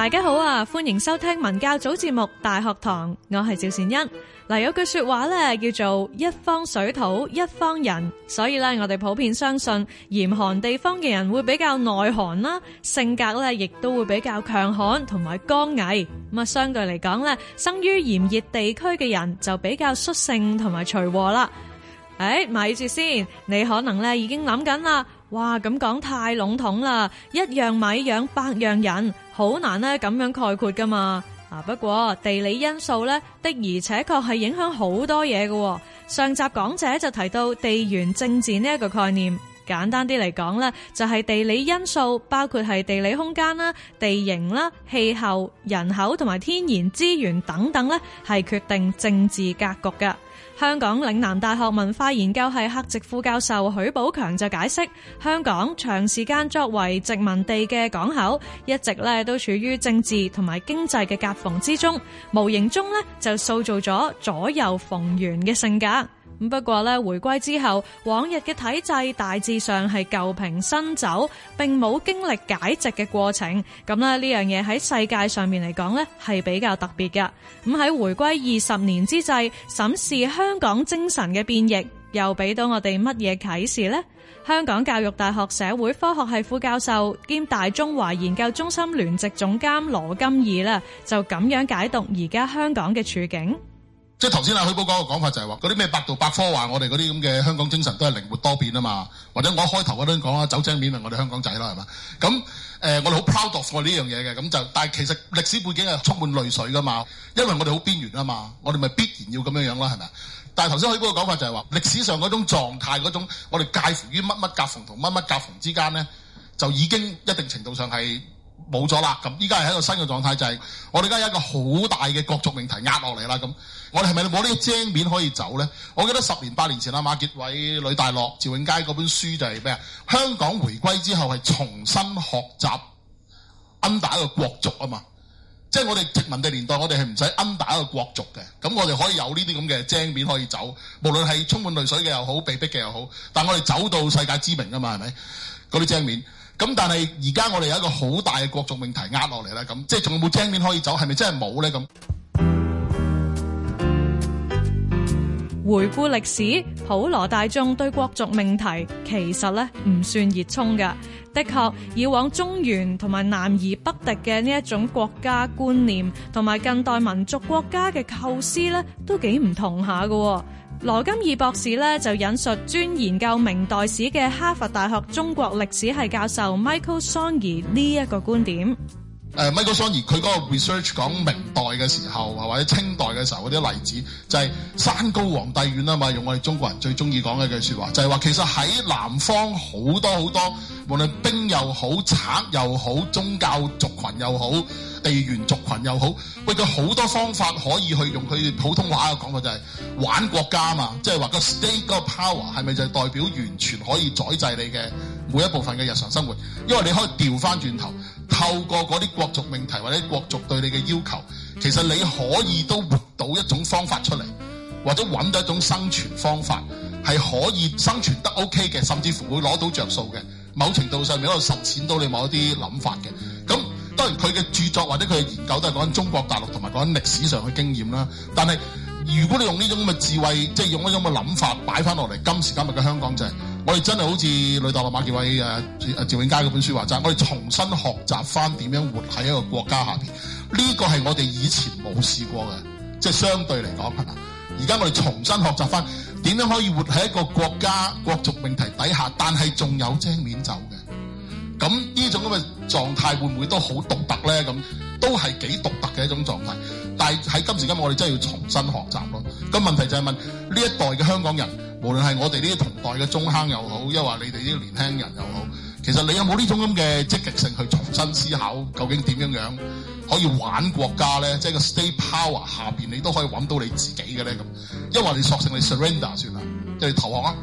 大家好啊，歡迎收聽文教組節目《大學堂》，我係趙善欣。嗱，有句說話咧，叫做一方水土一方人，所以咧，我哋普遍相信嚴寒地方嘅人會比較耐寒啦，性格咧亦都會比較強悍同埋剛毅。咁啊，相對嚟講咧，生於炎熱地區嘅人就比較率性同埋隨和啦。誒、哎，咪住先，你可能咧已經諗緊啦。哇，咁講太籠統啦，一樣米養百樣人，好難呢咁樣概括噶嘛。啊，不過地理因素呢的而且確係影響好多嘢噶。上集講者就提到地緣政治呢一個概念，簡單啲嚟講咧，就係、是、地理因素包括係地理空間啦、地形啦、氣候、人口同埋天然資源等等呢係決定政治格局噶。香港嶺南大學文化研究系客席副教授許寶強就解釋，香港長時間作為殖民地嘅港口，一直咧都處於政治同埋經濟嘅夾縫之中，無形中咧就塑造咗左右逢源嘅性格。不過咧，回歸之後，往日嘅體制大致上係舊瓶新酒，並冇經歷解殖嘅過程。咁呢樣嘢喺世界上面嚟講咧係比較特別嘅。咁喺回歸二十年之際，審視香港精神嘅變異，又俾到我哋乜嘢啟示呢？香港教育大學社會科學系副教授兼大中華研究中心聯席總監羅金義啦，就咁樣解讀而家香港嘅處境。即係頭先阿許寶講嘅講法就係話嗰啲咩百度百科話我哋嗰啲咁嘅香港精神都係靈活多變啊嘛，或者我一開頭嗰陣講啊走精面係我哋香港仔啦係嘛，咁誒、呃、我哋好 proud of 我呢樣嘢嘅，咁就但係其實歷史背景係充滿淚水噶嘛，因為我哋好邊緣啊嘛，我哋咪必然要咁樣樣啦係咪？但係頭先許寶個講法就係話歷史上嗰種狀態，嗰種我哋介乎於乜乜夾縫同乜乜夾縫之間咧，就已經一定程度上係。冇咗啦，咁依家係一個新嘅狀態，就係、是、我哋而家有一個好大嘅國族命題壓落嚟啦。咁我哋係咪冇呢啲遮面可以走呢？我記得十年八年前阿馬傑偉、呂大樂、趙永佳嗰本書就係咩啊？香港回歸之後係重新學習 under 一個國族啊嘛。即係我哋殖民地年代，我哋係唔使 under 一個國族嘅。咁我哋可以有呢啲咁嘅遮面可以走，無論係充滿淚水嘅又好，被逼嘅又好，但我哋走到世界知名啊嘛，係咪？嗰啲遮面。咁但係而家我哋有一個好大嘅國族命題壓落嚟啦，咁即係仲有冇正面可以走？係咪真係冇咧？咁回顧歷史，普羅大眾對國族命題其實咧唔算熱衷嘅。的確，以往中原同埋南夷北狄嘅呢一種國家觀念，同埋近代民族國家嘅構思咧，都幾唔同下嘅、哦。羅金義博士咧就引述專研究明代史嘅哈佛大學中國歷史系教授 Michael Szonyi 呢一個觀點。誒 Michael Szonyi 佢嗰個 research 講明代嘅時候，或者清代嘅時候嗰啲例子，就係山高皇帝遠啊嘛。用我哋中國人最中意講嘅句説話，就係話其實喺南方好多好多，無論兵又好、賊又好、宗教族群又好、地緣族群又好，佢好多方法可以去用佢普通話嘅講法，就係玩國家嘛。即係話個 state 個 power 係咪就係代表完全可以宰制你嘅每一部分嘅日常生活？因為你可以調翻轉頭。透過嗰啲國族命題或者國族對你嘅要求，其實你可以都活到一種方法出嚟，或者揾到一種生存方法，係可以生存得 OK 嘅，甚至乎會攞到着數嘅。某程度上面可以實踐到你某一啲諗法嘅。咁當然佢嘅著作或者佢嘅研究都係講緊中國大陸同埋講緊歷史上嘅經驗啦。但係如果你用呢種咁嘅智慧，即係用一種咁嘅諗法擺翻落嚟，今時今日嘅香港就係。我哋真係好似呂大樂、馬傑偉、誒、趙永佳嗰本書話齋，我哋重新學習翻點樣活喺一個國家下邊，呢個係我哋以前冇試過嘅，即係相對嚟講係嘛。而家我哋重新學習翻點樣可以活喺一個國家國族命題底下，但係仲有精面走嘅。咁呢種咁嘅狀態會唔會都好獨特咧？咁都係幾獨特嘅一種狀態。但係喺今時今日，我哋真係要重新學習咯。咁問題就係問呢一代嘅香港人。無論係我哋呢啲同代嘅中坑又好，又話你哋呢啲年輕人又好，其實你有冇呢種咁嘅積極性去重新思考究竟點樣樣可以玩國家咧？即係個 state power 下邊你都可以揾到你自己嘅，咧咁。因為你索性你 surrender 算啦，即係投降啊，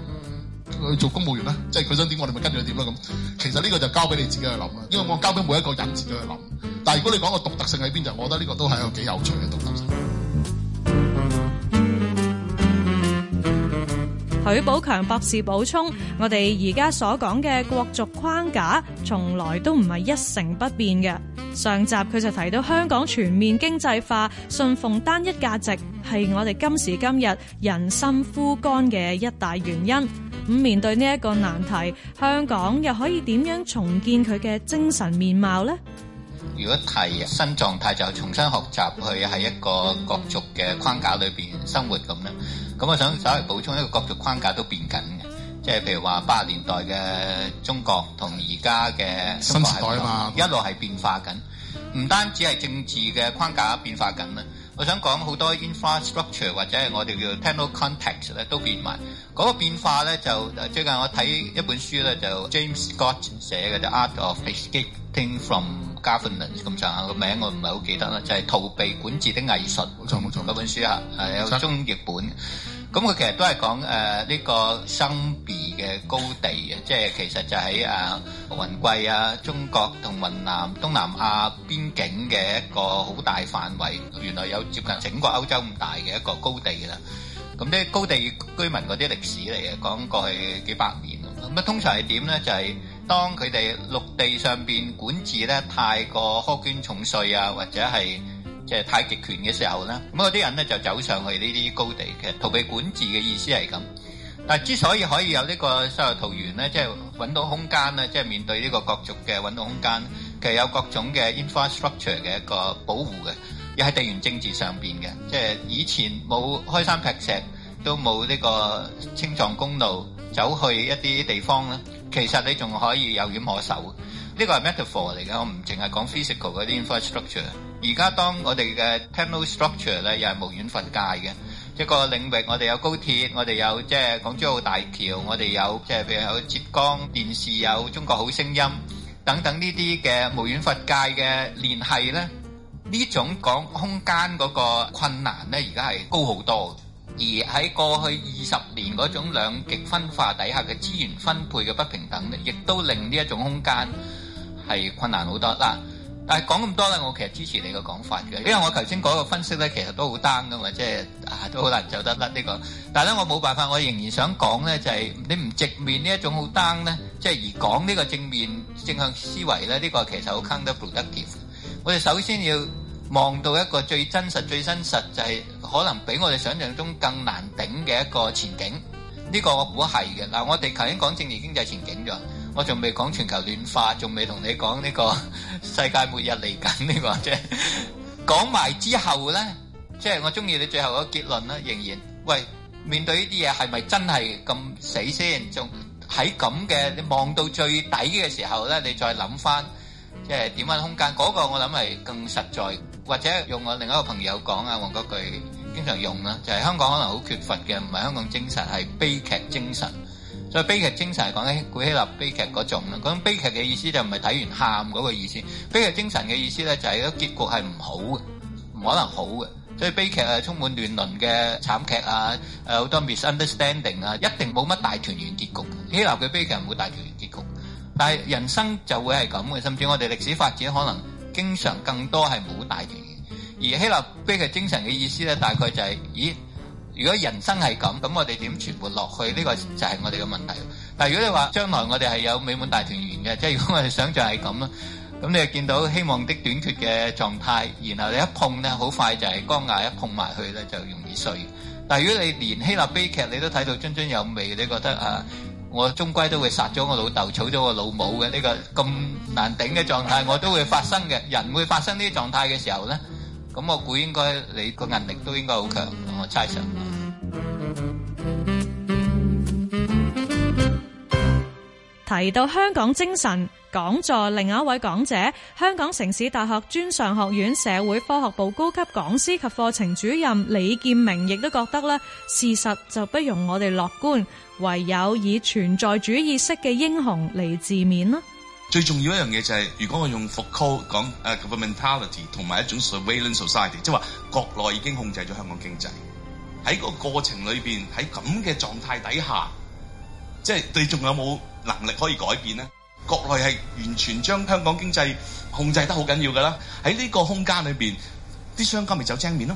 去做公務員啦，即係佢想點我哋咪跟住佢點啦咁。其實呢個就交俾你自己去諗啦，因為我交俾每一個人自己去諗。但係如果你講個獨特性喺邊就，我覺得呢個都係一個幾有趣嘅獨特性。許寶強博士補充，我哋而家所講嘅國族框架，從來都唔係一成不變嘅。上集佢就提到香港全面經濟化，信奉單一價值，係我哋今時今日人心枯乾嘅一大原因。咁面對呢一個難題，香港又可以點樣重建佢嘅精神面貌咧？如果提新狀態，就重新學習去喺一個國族嘅框架裏邊生活咁。咁我想稍微補充一個角度框架都變緊嘅，即係譬如話八十年代嘅中國同而家嘅新時代啊嘛，一路係變化緊，唔單止係政治嘅框架變化緊啦。我想講好多 infrastructure 或者係我哋叫 t 聽到 context 咧，都變埋嗰個變化咧，就最近我睇一本書咧，就 James Scott 寫嘅就 Art of escaping from Governance，咁上下個名我唔係好記得啦，就係「逃避管治的藝術」。冇錯冇錯，嗰本書啊係有中譯本。咁佢其實都係講誒呢個生地嘅高地啊，即係其實就喺啊雲貴啊中國同雲南東南亞邊境嘅一個好大範圍，原來有接近整個歐洲咁大嘅一個高地啦。咁啲高地居民嗰啲歷史嚟嘅，講過去幾百年。咁啊通常係點咧？就係當佢哋陸地上邊管治咧，太過苛捐重稅啊，或者係。即係太極拳嘅時候啦，咁嗰啲人咧就走上去呢啲高地嘅，其實逃避管治嘅意思係咁。但係之所以可以有呢個世外桃源咧，即係揾到空間啦，即係面對呢個國族嘅揾到空間，其實有各種嘅 infrastructure 嘅一個保護嘅，又喺地緣政治上邊嘅。即係以前冇開山劈石，都冇呢個青藏公路，走去一啲地方咧，其實你仲可以有險可守。呢個係 metaphor 嚟嘅，我唔淨係講 physical 嗰啲 infrastructure。而家當我哋嘅 technology 咧，又係無遠弗屆嘅，一個領域。我哋有高鐵，我哋有即係港珠澳大橋，我哋有即係譬如有浙江電視有《中國好聲音》等等呢啲嘅無遠弗屆嘅聯繫咧。呢種講空間嗰個困難咧，而家係高好多。而喺過去二十年嗰種兩極分化底下嘅資源分配嘅不平等咧，亦都令呢一種空間係困難好多啦。但係講咁多咧，我其實支持你個講法嘅，因為我頭先講個分析咧，其實都好 down 噶嘛，即係啊都好難走得甩呢、這個。但係咧，我冇辦法，我仍然想講咧，就係、是、你唔直面呢一種好 down 咧，即係而講呢個正面正向思維咧，呢、這個其實好坑得。我哋首先要望到一個最真實、最真實就係、是、可能比我哋想象中更難頂嘅一個前景。呢、這個我估係嘅。嗱，我哋頭先講正面經濟前景咗。我仲未講全球暖化，仲未同你講呢個世界末日嚟緊呢個啫。講埋 之後咧，即係我中意你最後個結論啦。仍然，喂，面對呢啲嘢係咪真係咁死先？仲喺咁嘅，你望到最底嘅時候咧，你再諗返，即係點樣空間？嗰個我諗係更實在，或者用我另一個朋友講啊，黃國鉅，經常用啦，就係香港可能好缺乏嘅，唔係香港精神，係悲劇精神。所以悲劇精神係講緊，古希臘悲劇嗰種啦，嗰種悲劇嘅意思就唔係睇完喊嗰個意思，悲劇精神嘅意思咧就係個結局係唔好嘅，唔可能好嘅。所以悲劇係充滿亂倫嘅慘劇啊，誒好多 misunderstanding 啊，一定冇乜大團圓結局。希臘嘅悲劇唔會大團圓結局，但係人生就會係咁嘅，甚至我哋歷史發展可能經常更多係冇大團圓。而希臘悲劇精神嘅意思咧，大概就係、是，咦？如果人生係咁，咁我哋點存活落去？呢個就係我哋嘅問題。但係如果你話將來我哋係有美滿大團圓嘅，即係如果我哋想象係咁啦，咁你就見到希望的短缺嘅狀態，然後你一碰咧，好快就係光牙一碰埋去咧，就容易碎。但係如果你連希臘悲劇你都睇到津津有味，你覺得啊，我終歸都會殺咗我老豆，娶咗我老母嘅呢個咁難頂嘅狀態，我都會發生嘅。人會發生呢啲狀態嘅時候咧。咁我估應該你個毅力都應該好強，我猜想。提到香港精神，講座另一位講者，香港城市大學專上學院社會科學部高級講師及課程主任李建明，亦都覺得呢事實就不容我哋樂觀，唯有以存在主義式嘅英雄嚟自勉啦。最重要一樣嘢就係，如果我用福柯講，uh, governmentality 同埋一種 surveillance society，即係話國內已經控制咗香港經濟。喺個過程裏邊，喺咁嘅狀態底下，即係你仲有冇能力可以改變咧？國內係完全將香港經濟控制得好緊要㗎啦。喺呢個空間裏邊，啲商家咪走精面咯。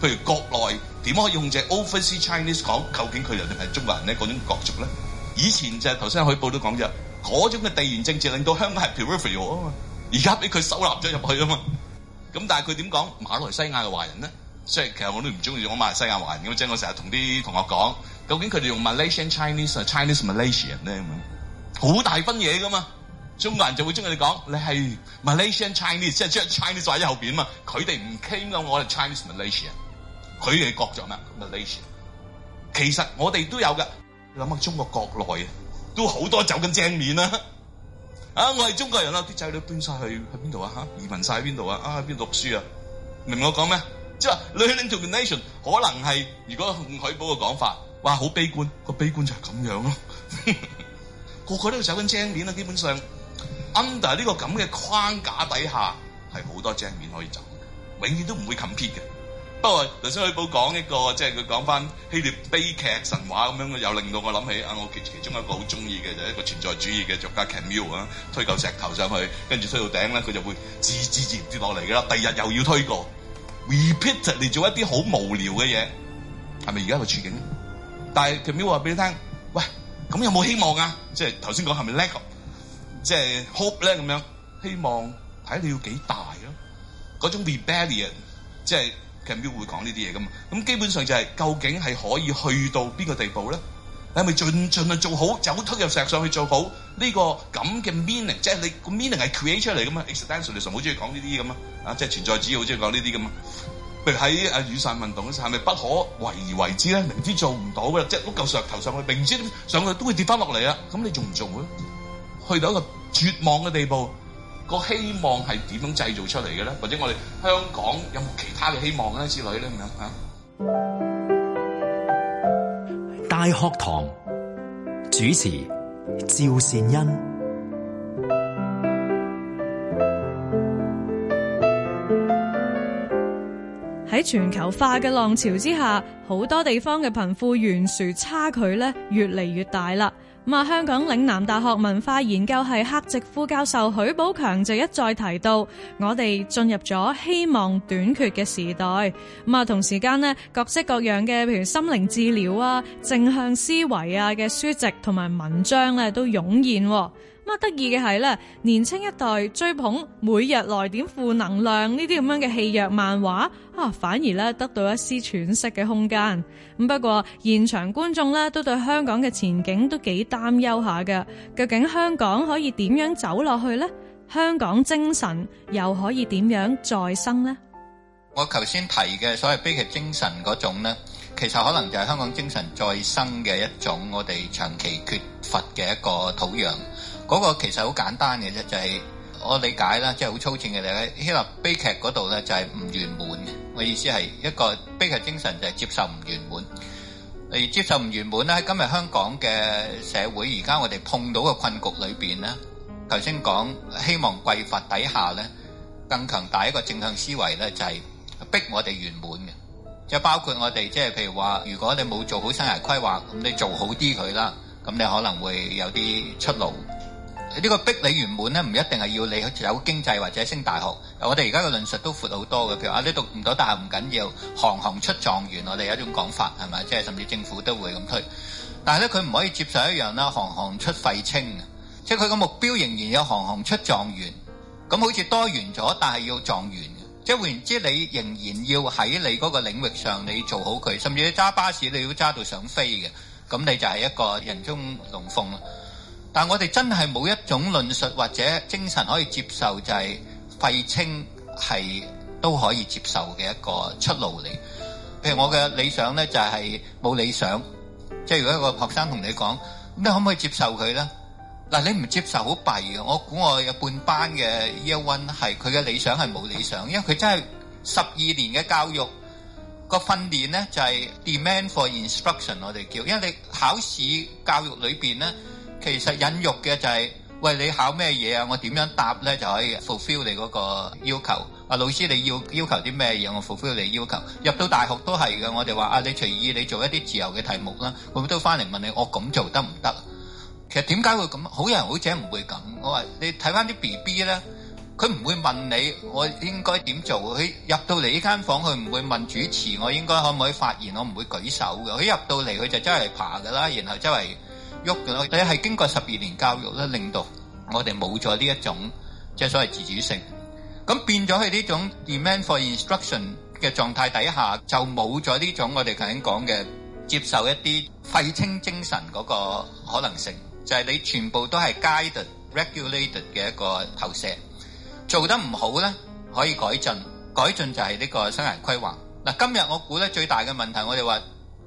譬如國內點可以用隻 Overseas Chinese 講究竟佢哋係唔係中國人咧嗰種國族咧？以前就係頭先海報都講咗，嗰種嘅地緣政治令到香港係 peripheral 啊嘛，而家俾佢收納咗入去啊嘛。咁但係佢點講馬來西亞嘅華人咧？即係其實我都唔中意用馬來西亞華人咁即係我成日同啲同學講，究竟佢哋用 Malaysian Chinese 啊 Chinese Malaysian 咧咁樣好大分嘢噶嘛？中國人就會中意講你係 Malaysian Chinese 即係將 Chinese 在後邊啊嘛，佢哋唔 claim 㗎，我哋 Chinese Malaysian。佢哋國著咩 nation？其實我哋都有嘅。你諗下中國國內啊，都好多走緊正面啦。啊，我係中國人啦，啲仔女搬晒去去邊度啊？嚇、啊，移民晒去邊度啊？啊，去邊讀書啊？明唔明我講咩？即係話你去 link to the nation，可能係如果用許寶嘅講法，哇，好悲觀，個悲觀就係咁樣咯。 個個都要走緊正面啦，基本上 under 呢個咁嘅框架底下，係好多正面可以走嘅，永遠都唔會 compete 嘅。不過頭先許寶強講一個，即係佢講翻希臘悲劇神話咁樣，又令到我諗起啊。我其，其中一個好中意嘅就係、是、一個存在主義嘅作家 Camus 啊，推嚿石頭上去，跟住推到頂咧，佢就會自自自然跌落嚟噶啦。第二日又要推過 repeated 嚟做一啲好無聊嘅嘢，係咪而家個處境？但係 Camus 話俾你聽，喂咁有冇希望啊？即係頭先講係咪 leg 即係 hope 咧咁樣希望？睇你要幾大咯、啊、嗰種 rebellion 即係。佢唔會講呢啲嘢噶嘛，咁基本上就係、是、究竟係可以去到邊個地步咧？係咪盡盡力做好，就好吞入石上去做好呢、呢個咁嘅 meaning？即係你個 meaning 係 create 出嚟噶嘛？Existentialism 好中意講呢啲咁啊，即係存在主義好中意講呢啲咁啊。譬如喺阿雨傘運動嗰時候，係咪不，不可為而為之咧？明知做唔到嘅，即係碌嚿石頭上去，明知上去都會跌翻落嚟啊！咁你做唔做咧？去到一個絕望嘅地步。個希望係點樣製造出嚟嘅咧？或者我哋香港有冇其他嘅希望咧之類咧咁樣嚇？大學堂主持趙善恩。喺全球化嘅浪潮之下，好多地方嘅貧富懸殊差距咧越嚟越大啦。咁啊，香港嶺南大學文化研究系客席副，副教授許寶強就一再提到，我哋進入咗希望短缺嘅時代。咁啊，同時間咧，各式各樣嘅譬如心靈治療啊、正向思維啊嘅書籍同埋文章咧，都湧現喎。乜得意嘅係咧？年青一代追捧每日來點負能量呢啲咁樣嘅戲弱漫畫啊，反而咧得到一絲喘息嘅空間。咁不過現場觀眾咧都對香港嘅前景都幾擔憂下嘅。究竟香港可以點樣走落去咧？香港精神又可以點樣再生咧？我頭先提嘅所謂悲劇精神嗰種咧，其實可能就係香港精神再生嘅一種，我哋長期缺乏嘅一個土壤。嗰個其實好簡單嘅啫，就係、是、我理解啦，即係好粗淺嘅嚟。希臘悲劇嗰度咧就係唔圓滿嘅。我意思係一個悲劇精神就係接受唔圓滿。而接受唔圓滿咧，喺今日香港嘅社會，而家我哋碰到嘅困局裏邊咧，頭先講希望匱乏底下咧更強大一個正向思維咧，就係逼我哋圓滿嘅。即係包括我哋即係譬如話，如果你冇做好生涯規劃，咁你做好啲佢啦，咁你可能會有啲出路。呢個逼你圓滿咧，唔一定係要你有經濟或者升大學。我哋而家嘅論述都闊好多嘅，譬如啊，你讀唔到大學唔緊要，行行出狀元，我哋有一種講法係咪？即係甚至政府都會咁推。但係咧，佢唔可以接受一樣啦，行行出廢青。即係佢個目標仍然有行行出狀元。咁好似多元咗，但係要狀元，即係換言之，你仍然要喺你嗰個領域上，你做好佢。甚至你揸巴士，你要揸到想飛嘅，咁你就係一個人中龍鳳。但我哋真係冇一種論述或者精神可以接受，就係廢青係都可以接受嘅一個出路嚟。譬如我嘅理想咧，就係冇理想。即係如果一個學生同你講，咁你可唔可以接受佢咧？嗱，你唔接受好弊嘅。我估我有半班嘅 year one 係佢嘅理想係冇理想，因為佢真係十二年嘅教育個訓練咧，就係 demand for instruction 我哋叫，因為你考試教育裏邊咧。其實引育嘅就係、是，喂，你考咩嘢啊？我點樣答咧就可以 fulfill 你嗰個要求。啊老師，你要要求啲咩嘢？我 fulfill 你要求。入到大學都係嘅，我哋話啊，你隨意你做一啲自由嘅題目啦。佢都翻嚟問你我，我咁做得唔得？其實點解會咁？好人好姐唔會咁。我話你睇翻啲 B B 咧，佢唔會問你我應該點做。佢入到嚟呢間房，佢唔會問主持我應該可唔可以發言，我唔會舉手嘅。佢入到嚟，佢就真係爬噶啦，然後真係。喐嘅咯，你係經過十二年教育咧，令到我哋冇咗呢一種即係所謂自主性，咁變咗喺呢種 demand for instruction 嘅狀態底下，就冇咗呢種我哋頭先講嘅接受一啲廢青精神嗰個可能性，就係、是、你全部都係 guided、regulated 嘅一個投射，做得唔好咧可以改進，改進就係呢個生涯規劃。嗱，今日我估得最大嘅問題我，我哋話。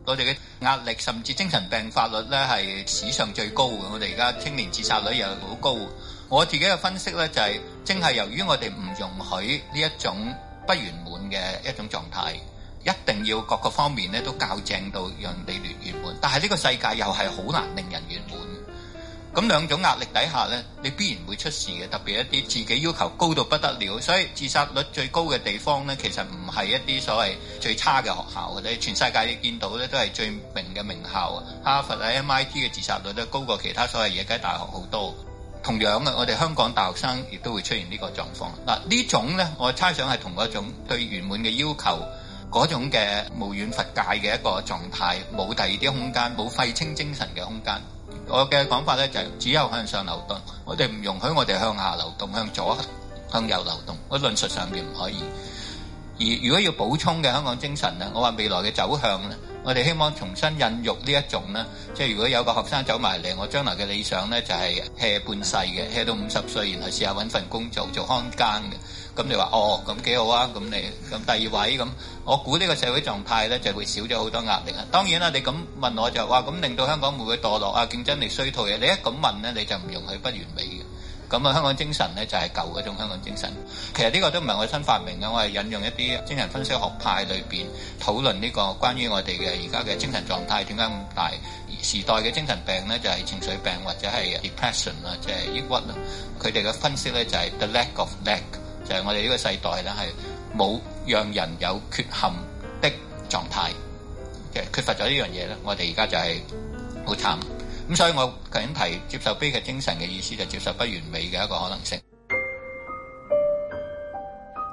我哋嘅壓力，甚至精神病發率咧係史上最高嘅。我哋而家青年自殺率又好高。我自己嘅分析咧就係、是、正係由於我哋唔容許呢一種不完滿嘅一種狀態，一定要各個方面咧都較正到讓地你完滿，但係呢個世界又係好難令人完滿。咁兩種壓力底下呢，你必然會出事嘅。特別一啲自己要求高到不得了，所以自殺率最高嘅地方呢，其實唔係一啲所謂最差嘅學校，或者全世界你見到呢，都係最名嘅名校。哈佛啊、MIT 嘅自殺率都高過其他所謂野雞大學好多。同樣嘅，我哋香港大學生亦都會出現呢個狀況。嗱，呢種呢，我猜想係同一種對完美嘅要求嗰種嘅無遠弗屆嘅一個狀態，冇第二啲空間，冇廢青精神嘅空間。我嘅講法咧就係只有向上流動，我哋唔容許我哋向下流動、向左向右流動。我論述上面唔可以。而如果要補充嘅香港精神咧，我話未來嘅走向咧，我哋希望重新孕育呢一種咧，即係如果有個學生走埋嚟，我將來嘅理想咧就係 hea 半世嘅，hea 到五十歲，然後試下揾份工做做看更嘅。咁你話哦，咁幾好啊？咁你咁第二位咁，我估呢個社會狀態呢就會少咗好多壓力啊。當然啦，你咁問我就話，咁令到香港會唔會墮落啊？競爭力衰退啊？你一咁問呢，你就唔容許不完美嘅。咁啊，香港精神呢就係、是、舊嗰種香港精神。其實呢個都唔係我新發明嘅，我係引用一啲精神分析學派裏邊討論呢個關於我哋嘅而家嘅精神狀態點解咁大時代嘅精神病呢？就係、是、情緒病或者係 depression 啦，即係抑鬱啦。佢哋嘅分析呢就係、是、the lack of lack。就我哋呢個世代咧，係冇讓人有缺陷的狀態，其實缺乏咗呢樣嘢咧。我哋而家就係好慘咁，所以我頭先提接受悲劇精神嘅意思，就接受不完美嘅一個可能性。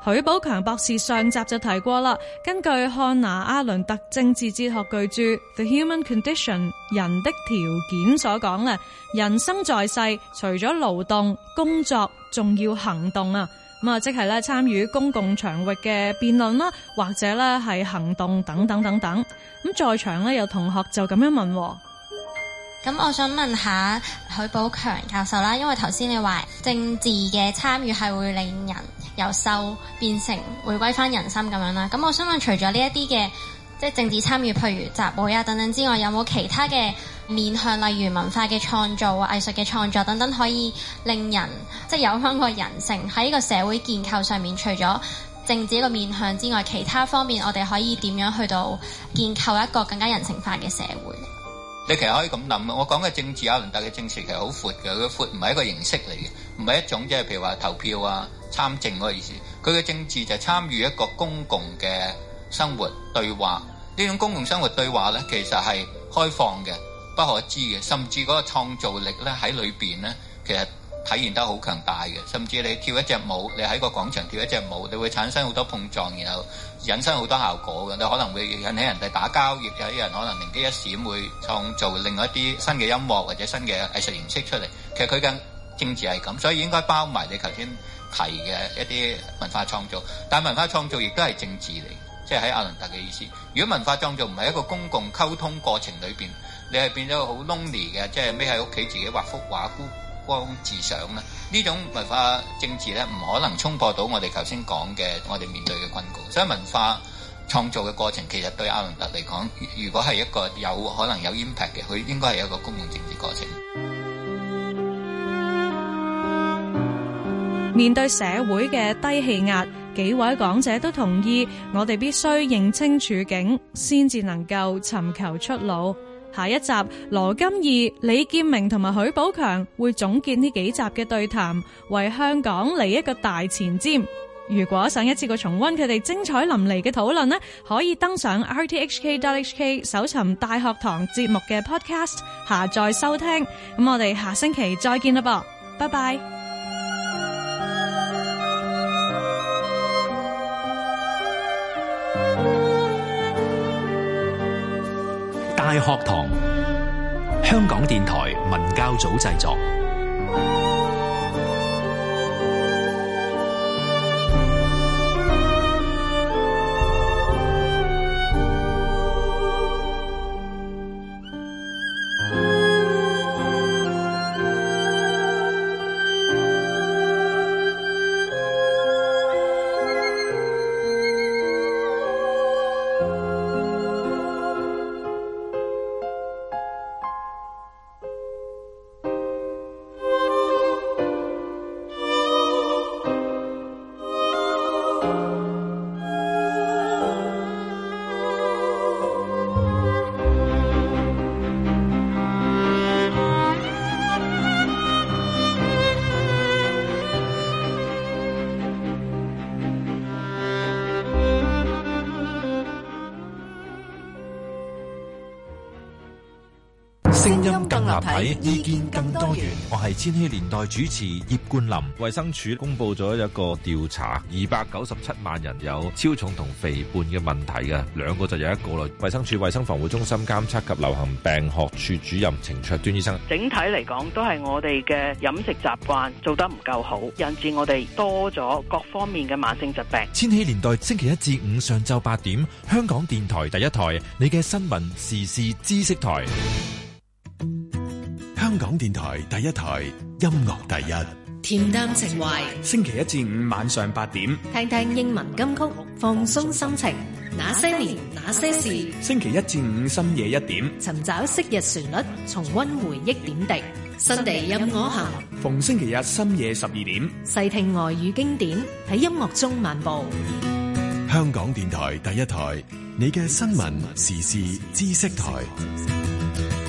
許寶強博士上集就提過啦，根據漢娜阿倫特政治哲學巨著《The Human Condition》人的條件所講咧，人生在世除咗勞動、工作，仲要行動啊。咁啊，即係咧參與公共場域嘅辯論啦，或者咧係行動等等等等。咁在場咧有同學就咁樣問，咁我想問下許寶強教授啦，因為頭先你話政治嘅參與係會令人由獸變成回歸翻人心咁樣啦。咁我想問除，除咗呢一啲嘅。即係政治參與，譬如集會啊等等之外，有冇其他嘅面向？例如文化嘅創造、藝術嘅創作等等，可以令人即係有返個人性喺呢個社會建構上面。除咗政治一個面向之外，其他方面我哋可以點樣去到建構一個更加人性化嘅社會？你其實可以咁諗啊！我講嘅政治阿倫特嘅政治其實好闊嘅，佢闊唔係一個形式嚟嘅，唔係一種即係譬如話投票啊、參政嗰意思。佢嘅政治就係參與一個公共嘅。生活對話，呢種公共生活對話咧，其實係開放嘅、不可知嘅，甚至嗰個創造力咧喺裏邊咧，其實體現得好強大嘅。甚至你跳一隻舞，你喺個廣場跳一隻舞，你會產生好多碰撞，然後引申好多效果嘅。你可能會引起人哋打交，亦有啲人可能靈機一閃，會創造另外一啲新嘅音樂或者新嘅藝術形式出嚟。其實佢嘅政治係咁，所以應該包埋你頭先提嘅一啲文化創造，但文化創造亦都係政治嚟。即係喺阿倫特嘅意思，如果文化創造唔係一個公共溝通過程裏邊，你係變咗好 lonely 嘅，即係匿喺屋企自己畫幅畫孤芳自賞啦。呢種文化政治咧，唔可能衝破到我哋頭先講嘅我哋面對嘅困局。所以文化創造嘅過程其實對阿倫特嚟講，如果係一個有可能有 impact 嘅，佢應該係一個公共政治過程。面對社會嘅低氣壓。幾位講者都同意，我哋必須認清處境，先至能夠尋求出路。下一集，羅金義、李建明同埋許寶強會總結呢幾集嘅對談，為香港嚟一個大前瞻。如果想一次過重溫佢哋精彩淋漓嘅討論咧，可以登上 rthk.hk 搜尋《大學堂》節目嘅 podcast 下載收聽。咁我哋下星期再見啦，噃，拜拜。學堂，香港電台文教組製作。睇意見更多元。我係千禧年代主持葉冠霖。衛生署公布咗一個調查，二百九十七萬人有超重同肥胖嘅問題，嘅兩個就有一個啦。衛生署衞生防護中心監測及流行病學處主任程卓端醫生，整體嚟講都係我哋嘅飲食習慣做得唔夠好，引致我哋多咗各方面嘅慢性疾病。千禧年代星期一至五上晝八點，香港電台第一台，你嘅新聞時事知識台。電台第一台，音樂第一，恬淡情懷。星期一至五晚上八點，聽聽英文金曲，放鬆心情。那些年，那些事。星期一至五深夜一點，尋找昔日旋律，重溫回憶點滴。新地任我行。逢星期日深夜十二點，細聽外語經典，喺音樂中漫步。香港電台第一台，你嘅新聞時事知識台。